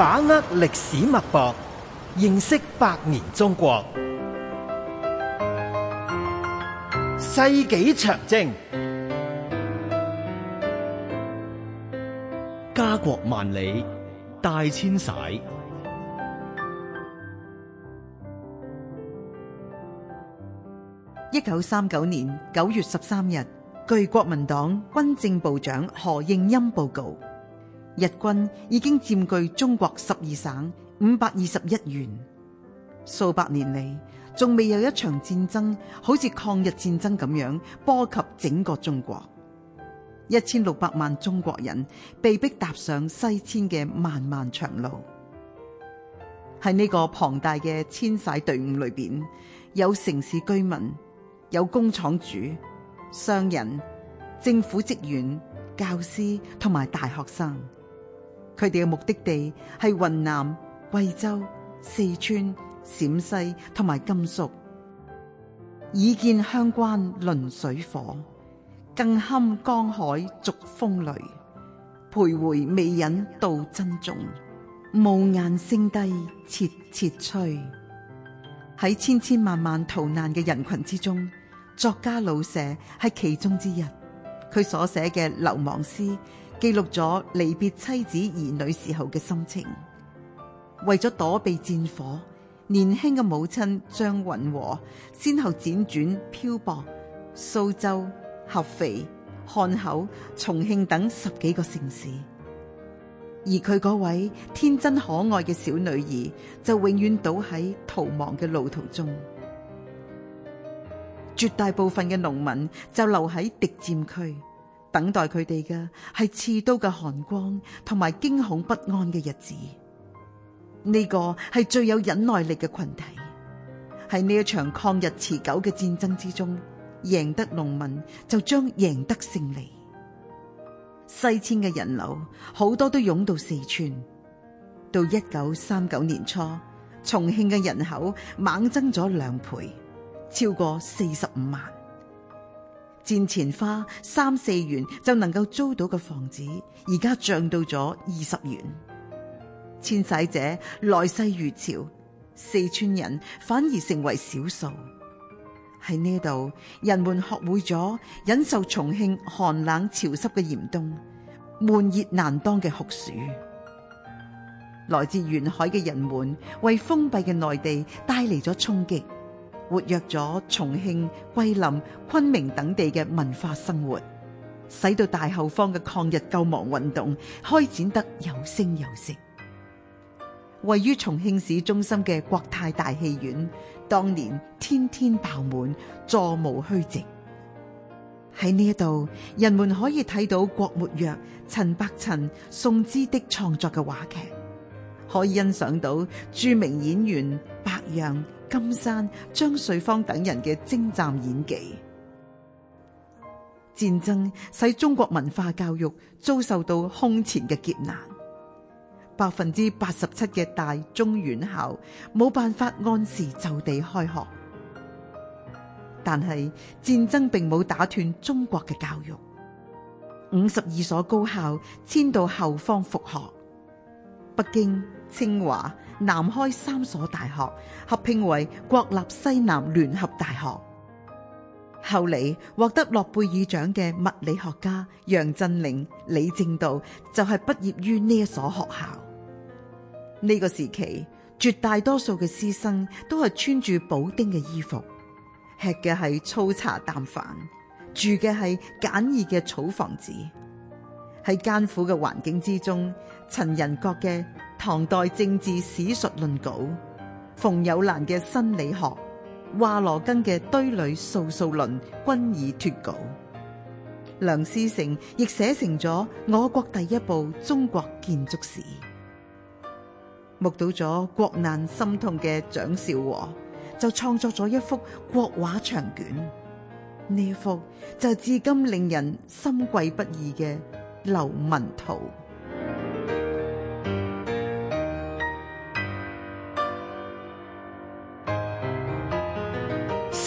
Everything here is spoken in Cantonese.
把握歷史脈搏，認識百年中國。世紀長征，家國萬里，大遷徙。一九三九年九月十三日，據國民黨軍政部長何應欽報告。日軍已經佔據中國十二省五百二十一縣。數百年嚟仲未有一場戰爭好似抗日戰爭咁樣波及整個中國。一千六百萬中國人被迫踏上西遷嘅漫漫長路。喺呢個龐大嘅遷徙隊伍裏邊，有城市居民、有工廠主、商人、政府職員、教師同埋大學生。佢哋嘅目的地係雲南、貴州、四川、陝西同埋甘肅。已見鄉關淪水火，更堪江海逐風雷。徘徊未忍道珍重，暮雁聲低切切催。喺千千萬萬逃難嘅人群之中，作家老舍係其中之一。佢所寫嘅《流亡詩》。記錄咗離別妻子兒女時候嘅心情，為咗躲避戰火，年輕嘅母親張雲和先後輾轉漂泊蘇州、合肥、漢口、重慶等十幾個城市，而佢嗰位天真可愛嘅小女兒就永遠倒喺逃亡嘅路途中。絕大部分嘅農民就留喺敵佔區。等待佢哋嘅係刺刀嘅寒光，同埋驚恐不安嘅日子。呢個係最有忍耐力嘅群體，喺呢一場抗日持久嘅戰爭之中，贏得農民就將贏得勝利。西遷嘅人流好多都湧到四川，到一九三九年初，重慶嘅人口猛增咗兩倍，超過四十五萬。戰前花三四元就能夠租到嘅房子，而家漲到咗二十元。遷徙者來勢如潮，四川人反而成為少數。喺呢度，人們學會咗忍受重慶寒冷潮濕嘅嚴冬、悶熱難當嘅酷暑。來自沿海嘅人們為封閉嘅內地帶嚟咗衝擊。活躍咗重慶、桂林、昆明等地嘅文化生活，使到大後方嘅抗日救亡運動開展得有聲有色。位於重慶市中心嘅國泰大戲院，當年天天爆滿，座無虛席。喺呢一度，人們可以睇到郭沫若、陳白塵、宋之的創作嘅話劇，可以欣賞到著名演員。楊金山、張瑞芳等人嘅精湛演技。戰爭使中國文化教育遭受到空前嘅劫難，百分之八十七嘅大中院校冇辦法按時就地開學，但係戰爭並冇打斷中國嘅教育，五十二所高校遷到後方復學。北京、清華、南開三所大學合聘為國立西南聯合大學。後嚟獲得諾貝爾獎嘅物理學家楊振寧、李正道就係、是、畢業於呢一所學校。呢、這個時期，絕大多數嘅師生都係穿住補丁嘅衣服，吃嘅係粗茶淡飯，住嘅係簡易嘅草房子，喺艱苦嘅環境之中。陳仁國嘅唐代政治史述論稿，馮友蘭嘅新理學、華羅庚嘅堆壘素數論均已脫稿。梁思成亦寫成咗我國第一部中國建築史。目睹咗國難心痛嘅蔣兆和，就創作咗一幅國畫長卷，呢幅就至今令人心悸不已嘅《流民圖》。